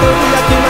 Hallelujah